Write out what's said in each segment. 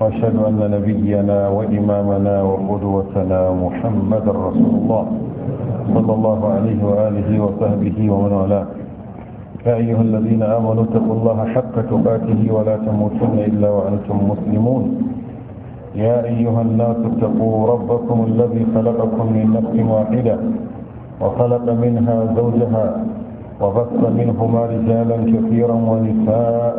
وأشهد أن نبينا وإمامنا وقدوتنا محمد رسول الله صلى الله عليه وآله وصحبه ومن والاه يا أيها الذين آمنوا اتقوا الله حق تقاته ولا تموتن إلا وأنتم مسلمون يا أيها الناس اتقوا ربكم الذي خلقكم من نفس واحدة وخلق منها زوجها وبث منهما رجالا كثيرا ونساء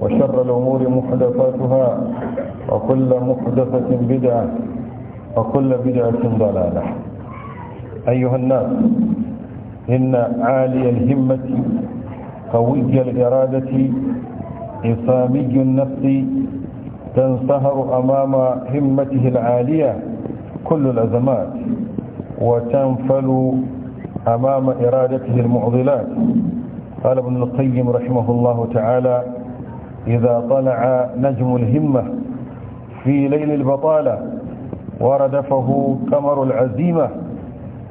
وشر الأمور محدثاتها وكل محدثة بدعة وكل بدعة ضلالة أيها الناس إن عالي الهمة قوي الإرادة إصامي النفس تنصهر أمام همته العالية كل الأزمات وتنفل أمام إرادته المعضلات قال ابن القيم رحمه الله تعالى إذا طلع نجم الهمة في ليل البطالة وردفه قمر العزيمة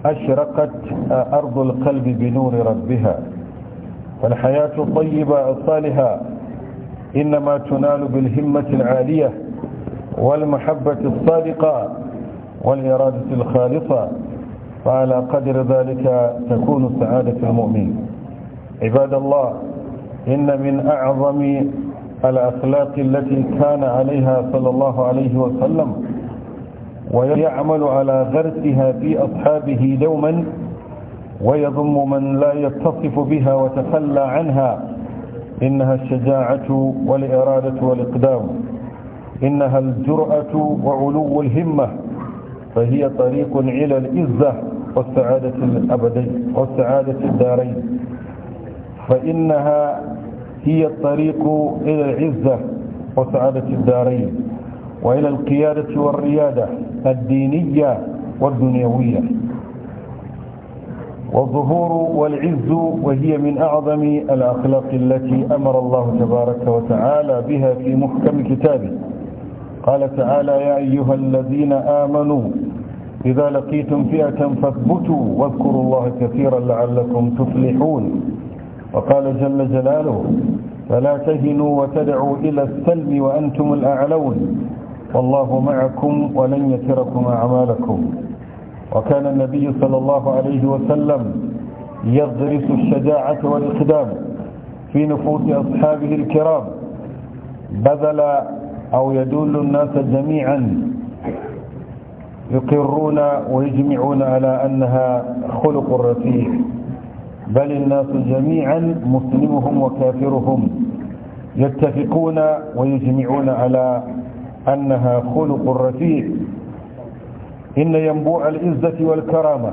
أشرقت أرض القلب بنور ربها فالحياة الطيبة الصالحة إنما تنال بالهمة العالية والمحبة الصادقة والإرادة الخالصة فعلى قدر ذلك تكون سعادة المؤمن عباد الله إن من أعظم الأخلاق التي كان عليها صلى الله عليه وسلم ويعمل على غرسها في أصحابه دوما ويضم من لا يتصف بها وتخلى عنها إنها الشجاعة والإرادة والإقدام إنها الجرأة وعلو الهمة فهي طريق إلى الإزة والسعادة الأبدي والسعادة الدارين فإنها هي الطريق إلى العزة وسعادة الدارين وإلى القيادة والريادة الدينية والدنيوية والظهور والعز وهي من أعظم الأخلاق التي أمر الله تبارك وتعالى بها في محكم كتابه قال تعالى يا أيها الذين آمنوا إذا لقيتم فئة فاثبتوا واذكروا الله كثيرا لعلكم تفلحون وقال جل جلاله فلا تهنوا وتدعوا إلى السلم وأنتم الأعلون والله معكم ولن يتركم أعمالكم وكان النبي صلى الله عليه وسلم يغرس الشجاعة والإقدام في نفوس أصحابه الكرام بذل أو يدل الناس جميعا يقرون ويجمعون على أنها خلق رفيع بل الناس جميعا مسلمهم وكافرهم يتفقون ويجمعون على أنها خلق رفيع إن ينبوع العزة والكرامة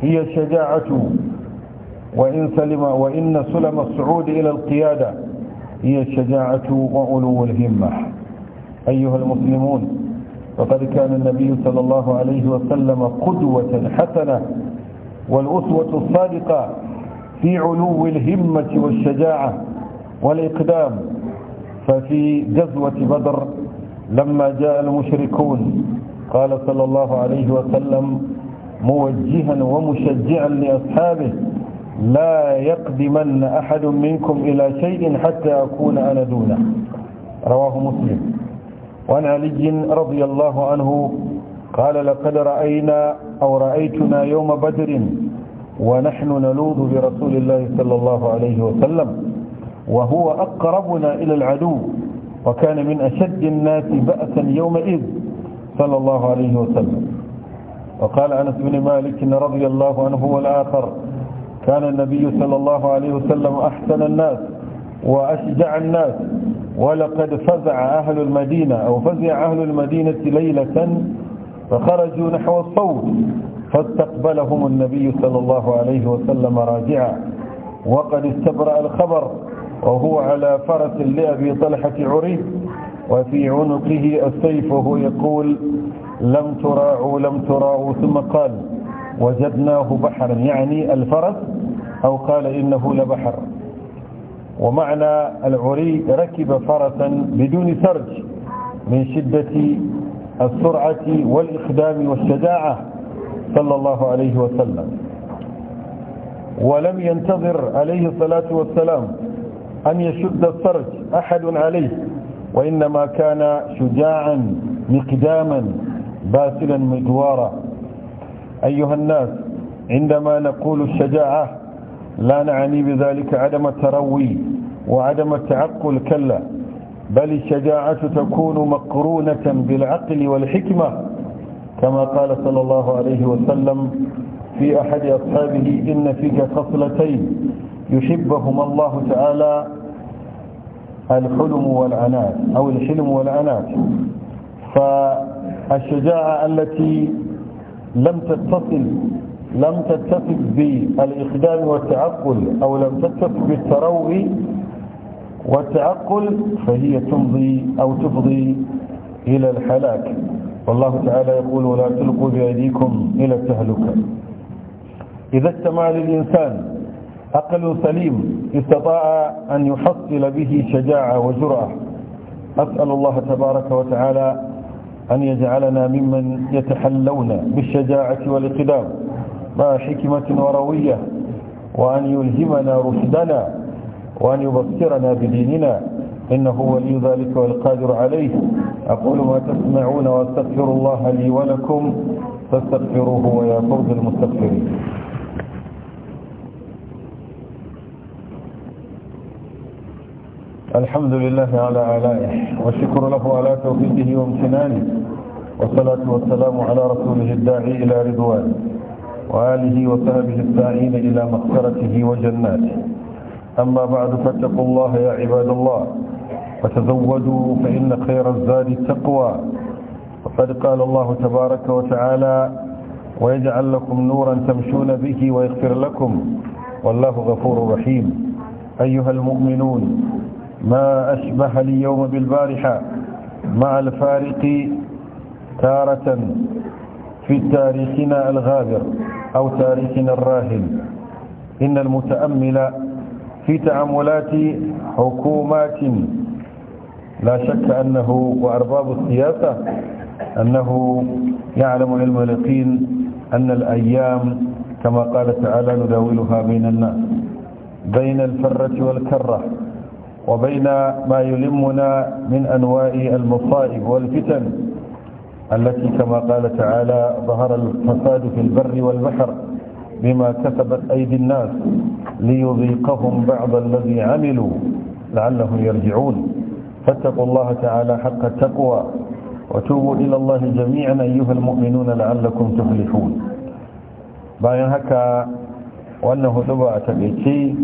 هي الشجاعة وإن سلم وإن سلم الصعود إلى القيادة هي الشجاعة وعلو الهمة أيها المسلمون فقد كان النبي صلى الله عليه وسلم قدوة حسنة والأسوة الصادقة في علو الهمة والشجاعة والإقدام ففي جزوة بدر لما جاء المشركون قال صلى الله عليه وسلم موجها ومشجعا لأصحابه لا يقدمن أحد منكم إلى شيء حتى أكون أنا دونه رواه مسلم وعن علي رضي الله عنه قال لقد رأينا أو رأيتنا يوم بدر ونحن نلوذ برسول الله صلى الله عليه وسلم وهو أقربنا إلى العدو وكان من أشد الناس بأسا يومئذ صلى الله عليه وسلم وقال أنس بن مالك رضي الله عنه والآخر كان النبي صلى الله عليه وسلم أحسن الناس وأشجع الناس ولقد فزع أهل المدينة أو فزع أهل المدينة ليلة فخرجوا نحو الصوت فاستقبلهم النبي صلى الله عليه وسلم راجعا وقد استبرأ الخبر وهو على فرس لأبي طلحة عري وفي عنقه السيف وهو يقول لم تراعوا لم تراعوا ثم قال وجدناه بحرا يعني الفرس أو قال إنه لبحر ومعنى العري ركب فرسا بدون سرج من شدة السرعة والإقدام والشجاعة صلى الله عليه وسلم ولم ينتظر عليه الصلاة والسلام أن يشد الصرج أحد عليه وإنما كان شجاعا مقداما باسلا مجوارا أيها الناس عندما نقول الشجاعة لا نعني بذلك عدم التروي وعدم التعقل كلا بل الشجاعة تكون مقرونة بالعقل والحكمة كما قال صلى الله عليه وسلم في أحد أصحابه إن فيك خصلتين يحبهما الله تعالى الحلم والعنات أو الحلم والعنات فالشجاعة التي لم تتصل لم تتفق بالإقدام والتعقل أو لم تتفق بالتروي والتعقل فهي تمضي أو تفضي إلى الحلاك والله تعالى يقول ولا تلقوا بأيديكم إلى التهلكة إذا اجتمع للإنسان عقل سليم استطاع أن يحصل به شجاعة وجرأة أسأل الله تبارك وتعالى أن يجعلنا ممن يتحلون بالشجاعة والإقدام مع حكمة وروية وأن يلهمنا رشدنا وأن يبصرنا بديننا إنه ولي ذلك والقادر عليه أقول ما تسمعون واستغفر الله لي ولكم فاستغفروه ويا فوز المستغفرين الحمد لله على آلائه والشكر له على توفيقه وامتنانه والصلاة والسلام على رسوله الداعي إلى رضوانه وآله وصحبه الساعين إلى مغفرته وجناته أما بعد فاتقوا الله يا عباد الله وتزودوا فإن خير الزاد التقوى وقد قال الله تبارك وتعالى ويجعل لكم نورا تمشون به ويغفر لكم والله غفور رحيم أيها المؤمنون ما أشبه اليوم بالبارحة مع الفارق تارة في تاريخنا الغابر أو تاريخنا الراهن إن المتأمل في تعاملات حكومات لا شك أنه وأرباب السياسة أنه يعلم علم اليقين أن الأيام كما قال تعالى نداولها بين الناس بين الفرة والكرة وبين ما يلمنا من أنواع المصائب والفتن التي كما قال تعالى ظهر الفساد في البر والبحر بما كسبت أيدي الناس ليذيقهم بعض الذي عملوا لعلهم يرجعون فاتقوا الله تعالى حق التقوى وتوبوا إلى الله جميعا أيها المؤمنون لعلكم تفلحون بيان هكا وأنه ثبع تبعتي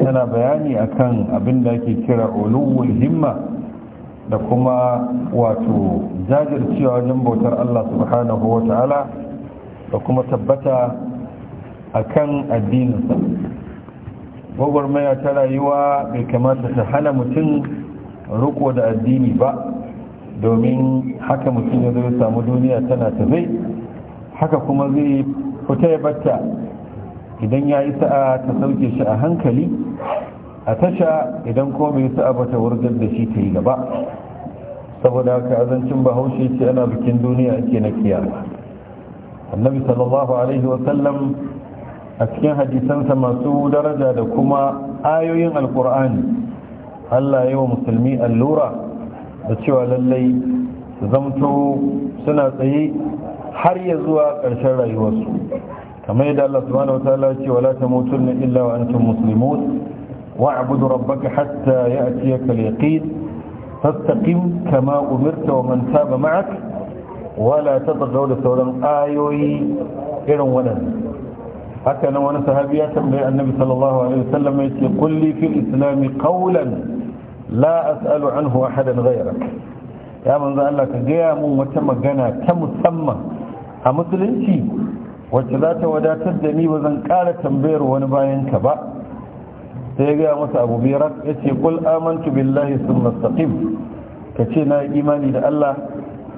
أنا بياني أكان أبن لك كرا علو الهمة لكما واتو زاجر سيوى جنبو تر الله سبحانه وتعالى لكما ثبتا a kan addininsa gwagwarmaya ta rayuwa bai kamata ta hana mutum riko da addini ba domin haka mutum ya zai samu duniya tana ta zai haka kuma zai fita ya batta idan ya yi sa'a ta sauke shi a hankali a tasha idan kuma yi sa'a ba ta wurgar da shi ta yi gaba saboda haka azancin bahaushe ce ana bikin duniya ake na kiyama annabi sallallahu alaihi wasallam a cikin hadisansa masu daraja da kuma ayoyin alkur'ani allah yi wa musulmi allura da cewa lallai zamto suna tsaye har ya zuwa ƙarshen rayuwarsu kamar yadda allah subhanahu wataala ce wala tamutunna illa wa antum muslimun wa'budu rabbaka hatta ya'tiyaka al-yaqin fastaqim kama umirta wa manta taba ma'ak wala tatagaw da sauran ayoyi irin waɗannan haka nan wani sahabi ya tambayi annabi sallallahu alaihi wasallam ya ce kulli fil islami qawlan la as'alu anhu ahadan ghayrak ya manzo Allah ka gaya mun wata magana ta musamman a musulunci wacce za ta wadatar da ni ba zan ƙara tambayar wani bayan ka ba sai ya gaya masa abu biyar ya ce kul amantu billahi sun mustaqim ka ce na imani da Allah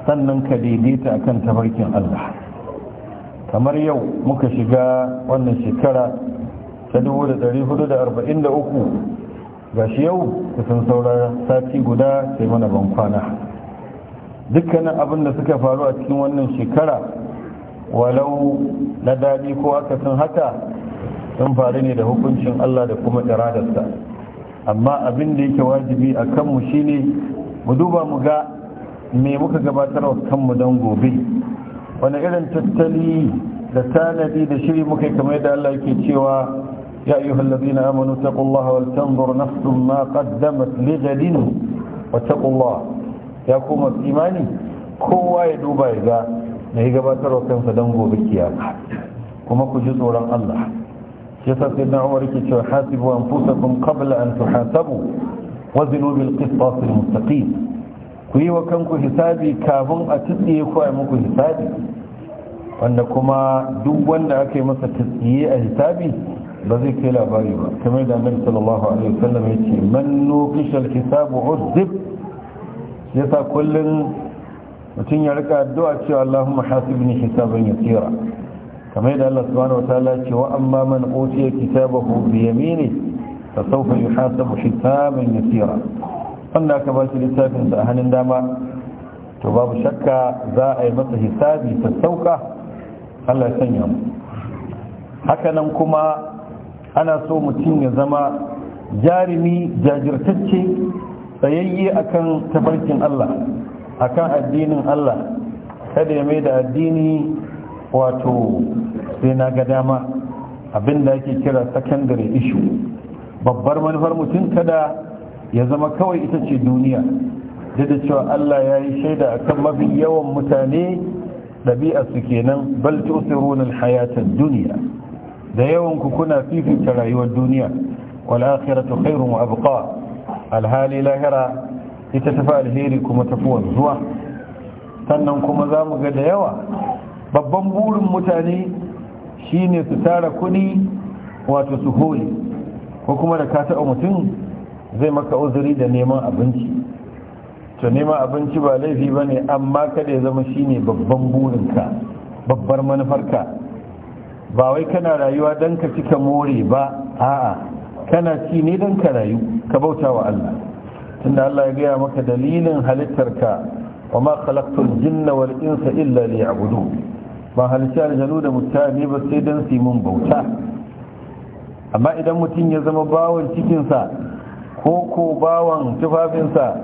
sannan ka daidaita akan tafarkin Allah kamar yau muka shiga wannan shekara ta 1443 ga shi yau kusan saura sati guda sai mana ban kwana dukkanin abin da suka faru a cikin wannan shekara walau na daɗi ko sun haka sun faru ne da hukuncin Allah da kuma iradarsa amma abin da yake wajibi a kanmu shine mu duba mu ga me muka gabatar wa kanmu don gobe wani irin tattali da tanadi da shiri muka kamar da Allah yake cewa ya ayyuha allazina amanu taqullaha wal tanzur nafsun ma qaddamat lighadin wa taqullah ya kuma imani kowa ya duba ya ga gabatar gabatarwa kansa dan gobe kiyama kuma ku ji tsoron Allah yasa sai na umar yake cewa hasibu anfusakum qabla an tuhasabu wazinu bil qistas al mustaqim ku yi wa kanku hisabi kafin a tsitsiye ku a muku hisabi wanda kuma duk wanda aka yi masa tsitsiye a hisabi ba zai kai labari ba kamar da annabi sallallahu alaihi wasallam ya ce man nuqisha hisabu uzib yasa kullun mutum ya rika addu'a cewa Allahumma hasibni hisaban yasira kamar da Allah subhanahu wataala ce wa amma man utiya kitabahu bi yamini fa sawfa yuhasabu hisaban yasira wanda aka ba shi littafinsa a hannun dama to babu shakka za a yi masa hisabi ta sauka allah ya sanya mu hakanan kuma ana so mutum ya zama jarumi jajirtacce tsayayye akan tabarkin allah akan addinin allah kada ya mai da addini wato sai na ga dama abinda ake kira secondary issue babbar manufar mutum kada ya zama kawai ita ce duniya da da cewa Allah ya yi shaida a kan mafi yawan mutane ɗabi'arsu kenan bal tusirunan hayatar duniya da yawan ku kuna fifita rayuwar duniya wal akhiratu khairun wa abqa alhali lahira ita tafi alheri kuma tafi wanzuwa sannan kuma za mu ga da yawa babban burin mutane shine su tara kuɗi wato su holi ko kuma da ka taɓa mutum zai maka uzuri da neman abinci to neman abinci ba laifi ba ne amma kada ya zama shi ne babban burinka babbar manufarka ba wai kana rayuwa don ka cika more ba a'a kana ci ne don ka rayu ka bauta wa Allah tunda Allah ya gaya maka dalilin halittarka wa ma khalaqtul jinna wal insa illa liya'budu ba halitta aljanu da mutane ba sai don su mun bauta amma idan mutum ya zama bawon cikinsa ko ko bawan tufafinsa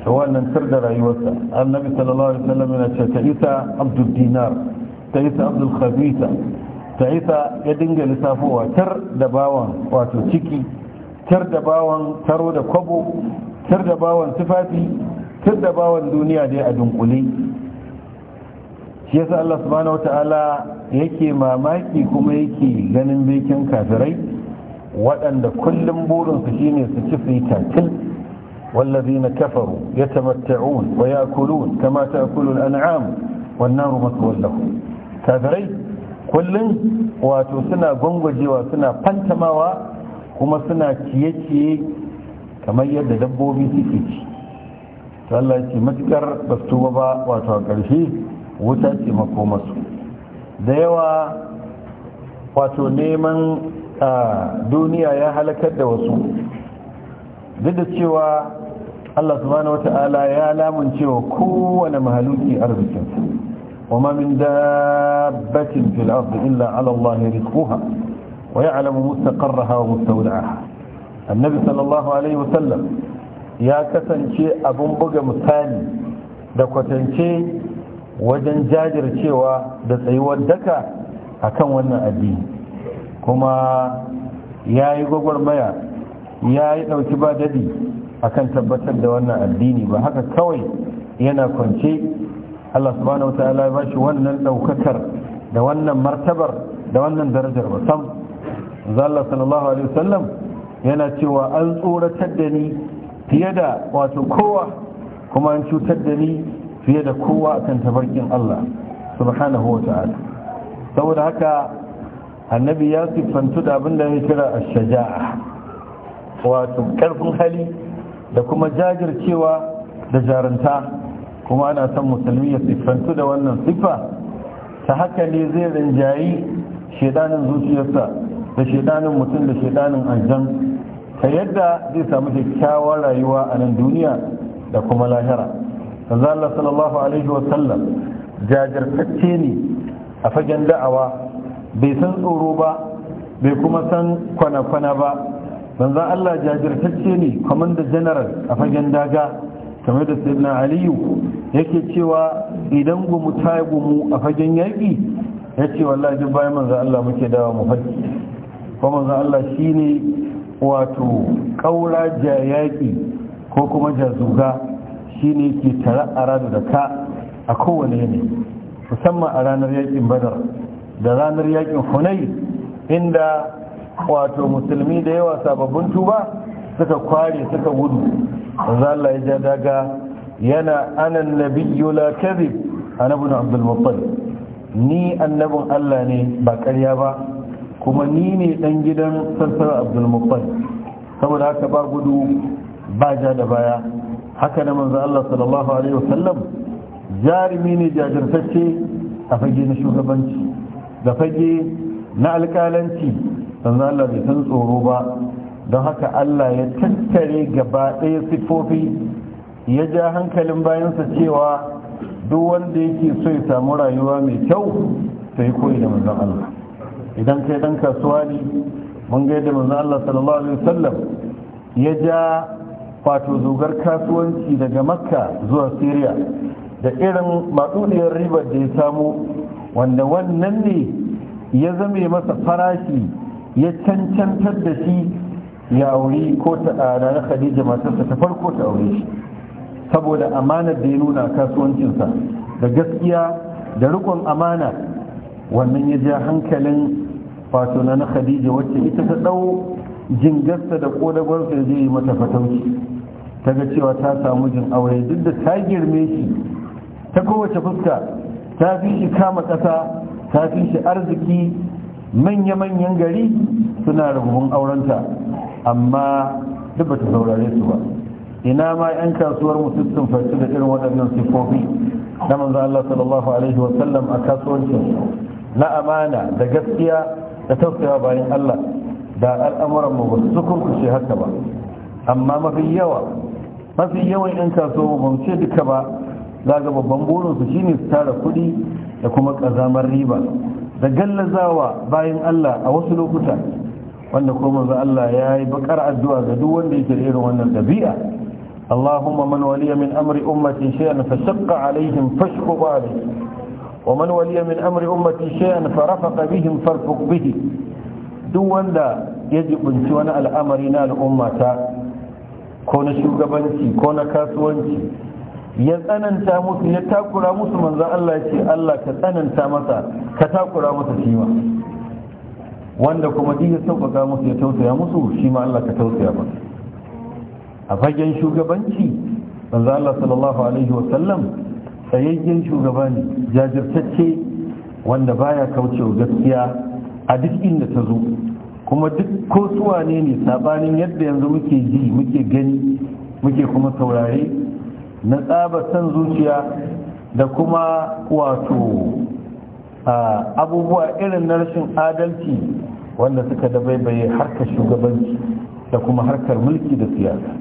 da wannan tur da rayuwarsa annabi sallallahu alaihi wasallam yana ce ta isa abdul dinar ta isa abdul khabisa ta isa ya dinga lissafowa tar da bawan wato ciki tar da bawan taro da kwabo tar da bawan tufafi tar da bawan duniya dai a dunkule shi yasa Allah subhanahu wata'ala yake mamaki kuma yake ganin bikin kafirai waɗanda kullum burinsu shine su ci su yi takil wallazina kafaru ya tamatta'un wa ya'kulun kama ta'kulul an'am wan naru maswal lahum kafirai kullum wato suna gongojewa suna fantamawa kuma suna ciye-ciye kamar yadda dabbobi suke ci to Allah ce matukar bastu wato ƙarshe wuta ce makomasu da yawa wato neman a duniya ya halakar da wasu duk da cewa Allah subhanahu wata'ala ya lamun cewa kowane mahaluki arzikin wa ma min dabbatin fil ardi illa ala Allah rizquha wa ya'lamu mustaqarraha wa mustawda'aha annabi sallallahu alaihi wa sallam ya kasance abun buga misali da kwatance wajen jajircewa da tsayuwar daka akan wannan addini kuma ya yi gwagwarmaya ya yi ɗauki ba dadi akan tabbatar da wannan addini ba haka kawai yana kwance Allah subhanahu wa ta'ala ya ba shi wannan ɗaukakar da wannan martabar da wannan darajar ba sam zalla sallallahu alaihi wasallam yana cewa an tsoratar da ni fiye da wato kowa kuma an cutar da ni fiye da kowa akan tabarkin Allah subhanahu wa ta'ala saboda haka annabi ya siffantu da abin da ya kira a shaja'a wato karfin hali da kuma jajircewa da jaranta kuma ana son musulmi ya siffantu da wannan siffa ta haka ne zai rinjayi shedanin zuciyarsa da shedanin mutum da shedanin aljan ta yadda zai samu kyakkyawar rayuwa a nan duniya da kuma lahira manzo Allah sallallahu alaihi wa jajirtacce ne a fagen da'awa bai san tsoro ba bai kuma san kwana-kwana ba banza Allah jajirtacce ne da janaral a fagen daga kamar da sayyidina aliyu yake cewa idan gumu ta gumu a fagen yaƙi ya ce wallahi bayan manzo Allah muke dawa mu faɗi ko manzo Allah shine wato kaura yaƙi ko kuma jazuga shine ke tara aradu da ka a kowane yanayi musamman a ranar yaƙin badar da ranar yakin hunai inda wato musulmi da yawa sababbin tuba suka kware suka gudu manzo Allah ya ja daga yana anan nabiyyu la kadhib annabi Abdul Muttalib ni annabin Allah ne ba karya ba kuma ni ne dan gidan sassar Abdul Muttalib saboda haka ba gudu ba ja da baya haka na manzo Allah sallallahu alaihi wasallam jarimi ne jajirtacce a fage na shugabanci da fage na alkalanci sannan Allah bai san tsoro ba don haka Allah ya tattare gaba ɗaya siffofi ya ja hankalin bayansa cewa duk wanda yake so ya samu rayuwa mai kyau sai koyi da manzon Allah idan kai dan kasuwa ne mun ga yadda manzon Allah sallallahu alaihi wasallam ya ja wato zugar kasuwanci daga makka zuwa syria da irin maɗuɗiyar ribar da ya samu wanda wannan ne ya zame masa farashi ya cancantar da shi ya aure ko ta na khadija matarsa ta farko ta aure shi saboda amanar da ya nuna kasuwancinsa da gaskiya da rikon amana wannan ya ja hankalin wato na khadija wacce ita ta ɗau jingarsa da ƙodagwarsa ya zai yi mata fatauci ta ga cewa ta samu jin aure duk da ta girme shi ta kowace fuska ta fi shi kama ƙasa ta fi shi arziki manya-manyan gari suna rububin aurenta amma duk ba ta saurare su ba ina ma 'yan kasuwar musu sun farci da irin waɗannan siffofi na manzo Allah sallallahu alaihi wa sallam a kasuwancin na amana da gaskiya da tausayawa bayan Allah da al'amuran mu ba su kurkushe haka ba amma mafi yawa mafi yawan 'yan kasuwar ba mu ce duka ba za ga babban burinsu shine su tara kuɗi da kuma ƙazamar riba da gallazawa bayan Allah a wasu lokuta wanda kuma manzo Allah ya yi bakar addu'a ga duk wanda yake da irin wannan dabi'a Allahumma man waliya min amri ummati shay'an fashaqqa alaihim fashqu alayhi wa man waliya min amri ummati shay'an farafaqa bihim farfuq bihi duk wanda ya jibunci wani al'amari na al'ummata ko na shugabanci ko na kasuwanci ya tsananta musu ya takura musu manzan Allah ce Allah ka tsananta masa ka takura masa shi ma wanda kuma duk ya sauƙaƙa musu ya tausaya musu shi ma Allah ka tausaya ba. a fagen shugabanci manzan Allah sallallahu alaihi wasallam tsayayyen shugaba ne jajirtacce wanda baya kaucewa gaskiya a duk inda ta zo kuma duk ko suwa ne ne sabanin yadda yanzu muke ji muke gani muke kuma saurare na tsaba san zuciya da kuma wato abubuwa irin na rashin adalci wanda suka dabaibaye harkar shugabanci da kuma harkar mulki da siyasa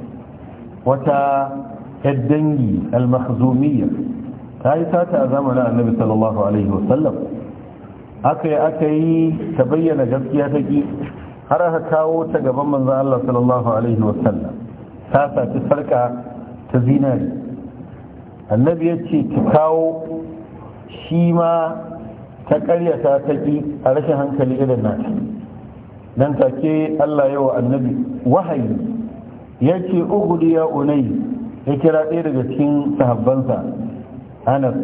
wata yar dangi al-mahzumiyya ta yi sata a zamanin annabi sallallahu alaihi wasallam aka yi aka yi ta bayyana gaskiya ta ki har aka kawo ta gaban manzan Allah sallallahu alaihi wasallam ta sati sarka ta zinari annabi ya ce ki kawo shi ma ta karyata ta ki a rashin hankali irin nata dan take Allah yawa annabi wahayi ya ce ugudi ya unai ya kira ɗaya daga cikin sahabbansa anas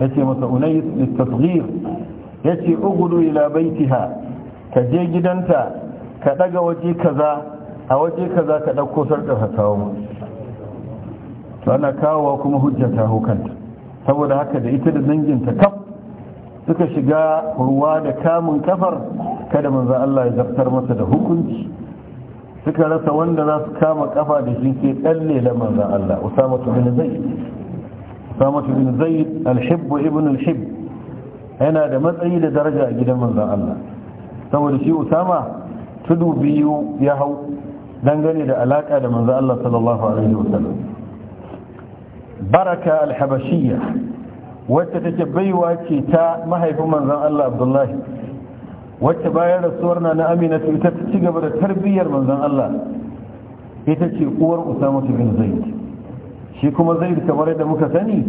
ya ce masa unai littasghir ya ce ugudu ila baitiha ka je gidanta ka daga waje kaza a waje kaza ka ɗauko sarƙar ka to ana kawo kuma hujjata hukanta saboda haka da ita da danginta kaf suka shiga ruwa da kamun kafar kada manzo Allah ya zartar masa da hukunci suka rasa wanda za su kama kafa da shi sai tsalle da manzo Allah Usama bin Zaid Usama ibn al yana da matsayi da daraja a gidan manzo Allah saboda shi Usama tudu biyu ya hau dangane da alaka da manzo Allah sallallahu alaihi wasallam baraka alhabashiyya wacce take baiwa ce ta mahaifin manzan Allah Abdullahi wacce bayan rasuwar na na aminatu ita ta ci gaba da tarbiyyar manzon Allah ita ce uwar Usama bin Zaid shi kuma Zaid kamar yadda muka sani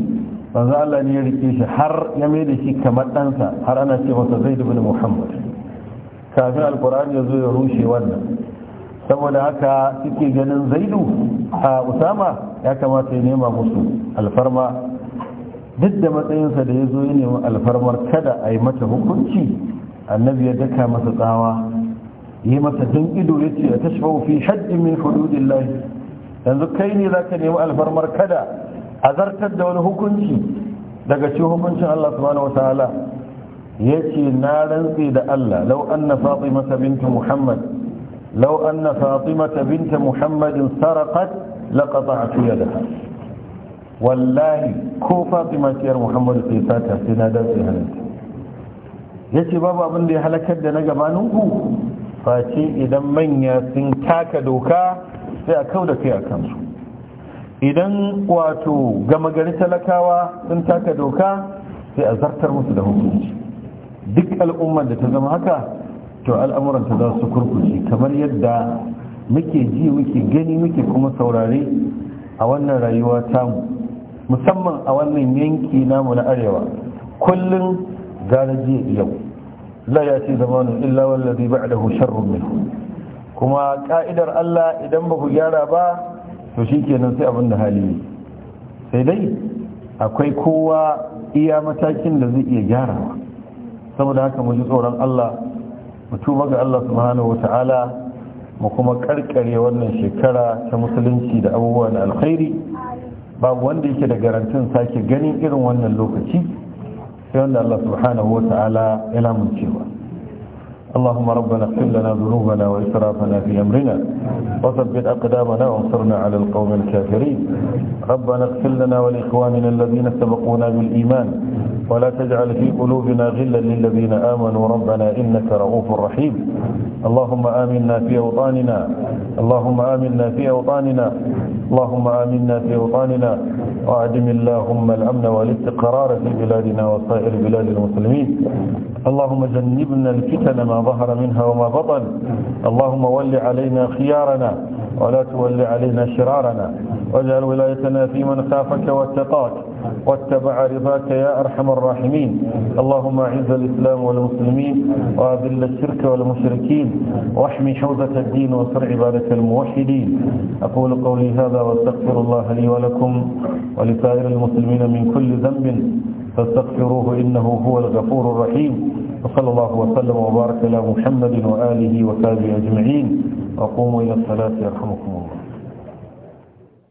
manzon Allah ne ya rike shi har ya mai da shi kamar ɗansa har ana ce masa Zaid bin Muhammad kafin alkur'ani ya zo ya rushe wannan saboda haka suke ganin Zaidu a Usama ya kamata ya nema musu alfarma duk da matsayinsa da ya zo ya nemi alfarmar kada a yi mata hukunci annabi ya daka masa tsawa yi masa don ido ya ce a tashfau fi haddin min hududillahi yanzu kai ne za ka nemi alfarmar kada a zartar da wani hukunci daga cikin hukuncin Allah subhanahu Ta'ala ya ce na rantsi da Allah lau anna fatimata binta muhammad lau anna fatimata binta muhammadin sarakat laqata'tu yadaha wallahi ko fatima ciyar muhammadu sai sata sai na dace hannunta ya ce babu abin da ya halakar da na gabaninku face idan manya sun taka doka sai a kau da kai a kansu idan wato gama gari talakawa sun taka doka sai a zartar musu da hukunci duk al'ummar da ta zama haka to al'amuranta za su kurkuce kamar yadda muke ji muke gani muke kuma saurare a wannan rayuwa tamu musamman a wannan yanki namu na arewa kullum gara jiya yau la ya ce zamanin illa wallazi ba'dahu sharrun minhu kuma ka'idar Allah idan ba ku gyara ba to shi shikenan sai abin da hali ne sai dai akwai kowa iya matakin da zai iya gyarawa saboda haka mu ji tsoron Allah mu tuba ga Allah subhanahu ta'ala mu kuma karkare wannan shekara ta musulunci da abubuwa na alkhairi babu wanda yake da garantin sake ganin irin wannan lokaci sai wanda Allah subhanahu wata'ala ya lamuncewa اللهم ربنا اغفر لنا ذنوبنا وإسرافنا في أمرنا وثبت أقدامنا وانصرنا على القوم الكافرين ربنا اغفر لنا ولإخواننا الذين سبقونا بالإيمان ولا تجعل في قلوبنا غلا للذين آمنوا ربنا إنك رؤوف رحيم اللهم آمنا في أوطاننا اللهم آمنا في أوطاننا اللهم آمنا في أوطاننا وأعدم اللهم الأمن والاستقرار في بلادنا وسائر بلاد المسلمين اللهم جنبنا الفتن ما ظهر منها وما بطن اللهم ول علينا خيارنا ولا تول علينا شرارنا واجعل ولايتنا في من خافك واتقاك واتبع رضاك يا أرحم الراحمين اللهم أعز الإسلام والمسلمين وأذل الشرك والمشركين واحمي حوزة الدين وسر عبادة الموحدين أقول قولي هذا واستغفر الله لي ولكم ولسائر المسلمين من كل ذنب فاستغفروه إنه هو الغفور الرحيم وصلى الله وسلم وبارك على محمد وآله وصحبه أجمعين وقوموا إلى الصلاة يرحمكم